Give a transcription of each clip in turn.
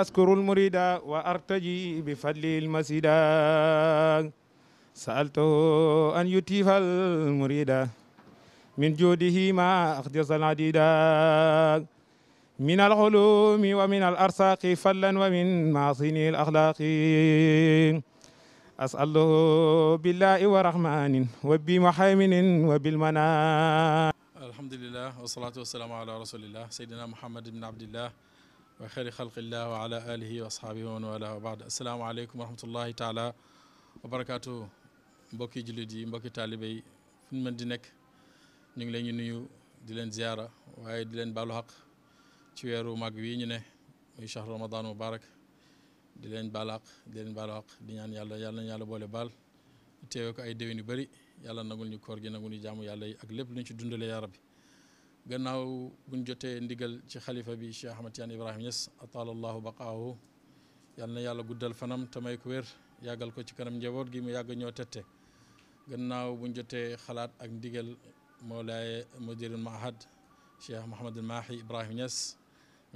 أذكر المريد وأرتجي بفضله المسيد سألته أن يتيف المريد من جوده ما أخجز العديد من العلوم ومن الأرساق فلا ومن معاصينه الأخلاق أسأله بالله ورحمن وبمحامن وبالمنان الحمد لله والصلاة والسلام على رسول الله سيدنا محمد بن عبد الله wa xeyri xalqillah wa ala wa ashaabihi wa man wala wa baad asalaamaaleykum wa rahmatullahi taala wa barakaatu mbokki jullit yi mbokki taalibe yi fu ñu mën di nekk ñu ngi leen ñu nuyu di leen ziyaara waaye di leen baalu xaq ci weeru mag wi ñu ne muy shahru ramadan mubarak di leen baalu xaq di leen baalu di ñaan yàlla yàlla nañu yàlla boole baal teewee ko ay déwén yu bëri yàlla nangul ñu koor gi nangul ni jaamu yàlla yi ak lépp lu ñu ci dundalee yaara bi gannaaw buñ jotee ndigal ci xalifa bi Cheikh Ahmad Tidiane Ibrahima Niass ataala baqaahu yal na yàlla guddal fanam te may ko wér yàggal ko ci kanam njaboot gi mu yàgg ñoo tette gannaaw buñ jotee xalaat ak ndigal moolaaye mudirul mahad Cheikh Mouhamadul Mahi Ibrahima Niass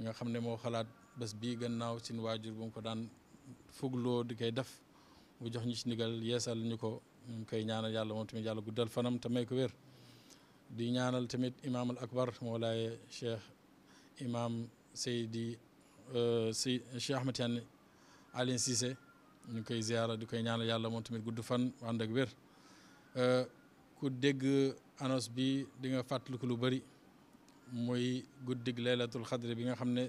nga xam ne moo xalaat bés bii gannaaw sin waajur bu mu ko daan fugloo di koy def mu jox ñu ci ndigal yeesal ñu ko mu koy ñaanal yàlla moom tamit yàlla guddal fanam te may ko wér di ñaanal tamit imaam al akbar moolaaye cheikh imaam seydi euh, sey cheikh Ahmed Tidiane Alioune Cissé ñu koy ziara di koy ñaanal yàlla moom tamit gudd fan ànd ak wér euh, ku dégg annonce bi di nga fàttaliku lu bëri muy guddig laylatul xadri bi nga xam ne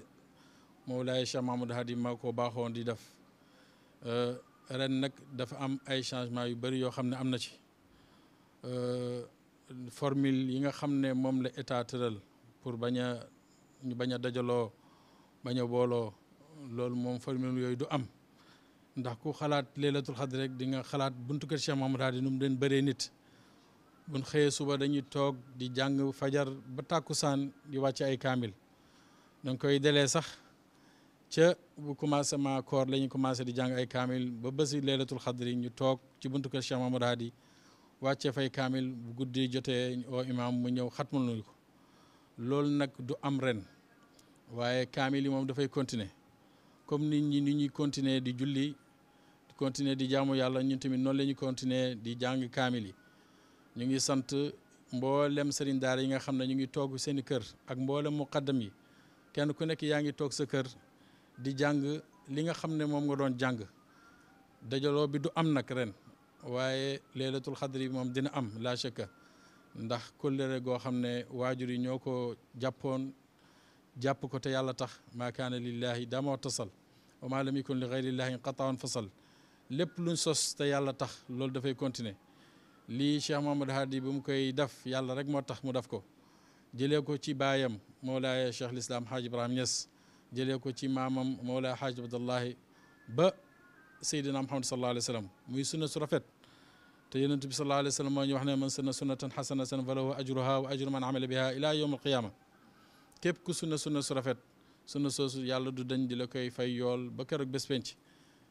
moolaaye cheikh Mahmoud Hadi maa ko baaxoon di def euh, ren nag dafa am ay changement yu bëri yoo xam ne am na ci formule yi nga xam ne moom la état tëral pour bañ a ñu bañ a dajaloo bañ booloo loolu moom formule yooyu du am ndax ku xalaat leelatul xadd rek di nga xalaat buntu kër Cheikh Mamadou Hadi nu mu den bëree nit buñ xëyee suba dañuy toog di jàng fajar ba tàkkusaan di wàcce ay kaamil dañ koy delee sax ca bu commencement koor la ñu commencé di jàng ay kaamil ba bési leelatul xadd yi ñu toog ci buntu kër Cheikh Mamadou Hadi wàccee fay kaamil bu guddee jotee oo imaam mu ñëw xatmal nañu ko loolu nag du am ren waaye kaamil yi moom dafay continuer comme nit ñi ni ñuy continuer di julli continuer di jaamu yàlla ñun tamit noonu lañuy ñu di jàng kaamil yi ñu ngi sant mboolem sëriñ daar yi nga xam ne ñu ngi toog seen i kër ak mboolem muqaddam yi kenn ku nekk yaa ngi toog sa kër di jàng li nga xam ne moom nga doon jàng dajaloo bi du am nag ren waaye leelatul xadri moom dina am la shakka ndax kóllëre goo xam ne waajur yi ñoo ko jàppoon jàpp ko te yàlla tax maa kaana lillahi daamoo tasal wa maa lam yakun li gayrillahi qataan fasal lépp luñ sos te yàlla tax loolu dafay continuer lii Cheikh Mahamad Hadi bu mu koy def yàlla rek moo tax mu def ko jëlee ko ci baayam moolaaya Cheikh l'Islam Haaj Ibrahim Niass jëlee ko ci maamam moolaaya Haaj Abdallahi ba Seydina Muhammad sunna su rafet te yonent bi sallallahu alayhi wa sallam moo ñu wax ne man sunna sunnatan xasanatan falahu ajruha wa ajru man amila biha ila yawm alqiyama képp ku sunna sunna su rafet sunna soosu yàlla du dañ di la koy fay yool ba keroog bés penc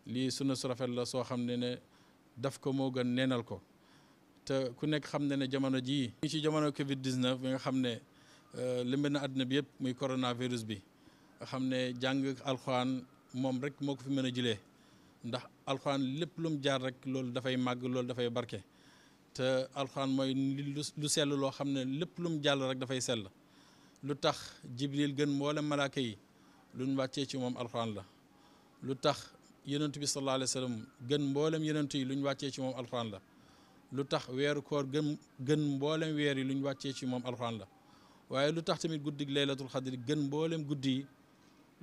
lii sunna su rafet la soo xam ne ne daf ko moo gën neenal ko te ku nekk xam ne ne jamono jii ñu ci jamono covid 19 bi nga xam ne euh, limbe na àddina bi yëpp muy coronavirus bi xam ne jàng alxuraan moom rek moo ko fi mën a jëlee ndax alxuraan lépp lu mu jaar rek loolu dafay màgg loolu dafay barke te alxuraan mooy lu sell loo xam ne lépp lu mu jàll rek dafay sell lu tax jibril gën mboolem malaaka yi lu ñu wàccee ci moom alxuraan la lu tax yonent bi sallallahu gën mboolem yonent yi lu ñu wàccee ci moom alxuraan la lu tax weeru koor gën gën mboolem weer yi lu ñu wàccee ci moom alxuraan la waaye lu tax tamit guddig laylatul xadri gën mboolem guddi yi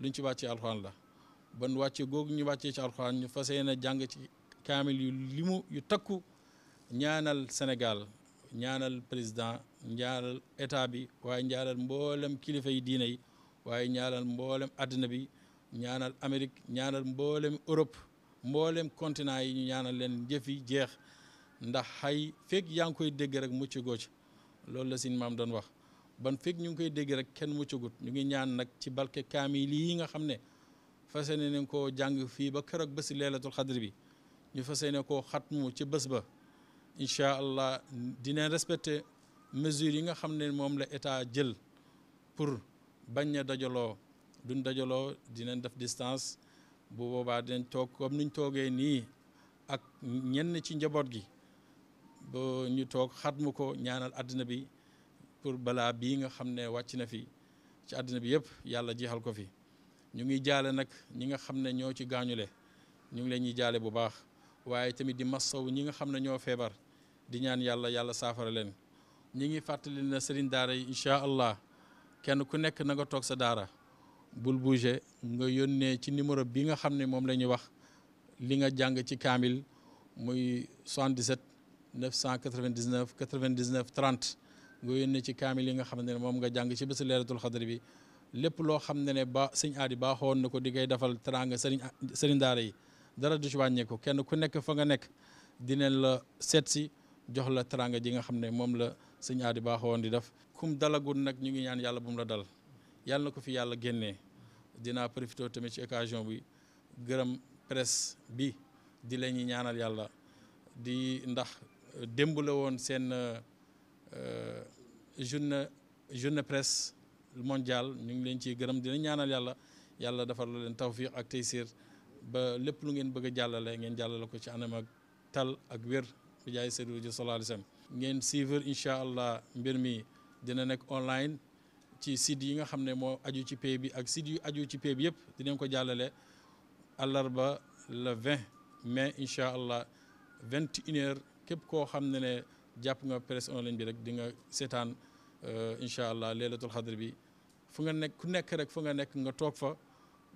luñ ci wàccee alxuraan la ban wàcce googu ñu wàccee ci alxuraan ñu fas yéene jàng ci kaamil yu limu yu takku ñaanal Sénégal ñaanal président ñaanal état bi waaye ñaanal mboolem kilifa yi diine yi waaye ñaanal mboolem àddina bi ñaanal Amérique ñaanal mboolem Europe mboolem continent yi ñu ñaanal leen jëf yi jeex ndax xay fekk yaa ngi koy dégg rek mucc goo ci loolu la sin maam doon wax ban fekk ñu ngi koy dégg rek kenn muccagut ñu ngi ñaan nag ci barke kaamil yi nga xam ne fas yéene nañ koo jàng fii ba keroog bési leelatul xadri bi ñu fas yéene koo xat xatmu ci bës ba incha allah dina respecté mesures yi nga xam ne moom la état jël pour bañ a dajaloo duñ dajaloo dinañ def distance bu boobaa dinañ toog kom niñ toogee nii ak ñenn ci njaboot gi ba ñu toog xat mu ko ñaanal àddina bi pour balaa bii nga xam ne wàcc na fi ci àddina bi yëpp yàlla jeexal ko fi ñu ngi jaale nag ñi nga xam ne ñoo ci gaañule ñu ngi leen ñuy jaale bu baax waaye tamit di massaw ñi nga xam ne ñoo feebar di ñaan yàlla yàlla saafara leen ñi ngi fàttali na sëriñ daara yi incha allah kenn ku nekk na nga toog sa daara bul bouger nga yónnee ci numéro bi nga xam ne moom lañuy wax li nga jàng ci kaamil muy 77 999 99 30 nga yónnee ci kaamil yi nga xam ne moom nga jàng ci bésu leeratul xadri bi lépp loo xam ne ne ba sëñ aadi baaxoon na ko di koy defal teranga sëriñ sëriñ daara yi dara du ci wàññeeku kenn ku nekk fa nga nekk dinañ la seet si jox la teranga ji nga xam ne moom la sëñ aadi baaxoon di def kum dalagul nag ñu ngi ñaan yàlla bu mu la dal yàlla na ko fi yàlla génnee dinaa profité tamit ci occasion bi gërëm presse bi di la ñuy ñaanal yàlla di ndax démb la woon seen euh, journée journée presse mondial ñu ngi leen ciy gërëm dina ñaanal yàlla yàlla defar la leen tawfiq ak taysiir ba lépp lu ngeen bëgg a jàllale ngeen jàllale ko ci anam ak tal ak wér bi jaay Seydou Diop sallallahu alayhi ngeen suivre incha allah mbir mi dina nekk online ci site yi nga xam ne moo aju ci pays bi ak site yu aju ci pays bi yëpp dinañ ko jàllale àllarba le 20 mai incha allah 21 heures képp koo xam ne ne jàpp nga presse en bi rek di nga seetaan. Euh, incha allah leelatul xadr bi fu nga nekk ku nekk rek fu nga nekk nga toog fa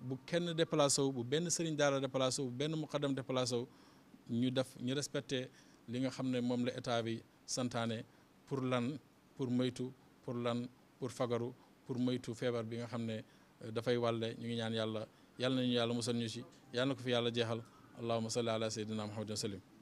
bu kenn déplacé wu bu benn sëriñ daara déplacé wu bu benn muqaddam déplacé wu ñu def ñu respecté li nga xam ne moom la état bi santaane pour lan pour moytu pour lan pour fagaru pour moytu feebar bi nga xam ne euh, dafay wàlle ñu ngi ñaan yàlla yàlla nañu yàlla musal ñu ci yàlla na ko fi yàlla jeexal allahuma salli ala sayyidina muhammadin wa sallim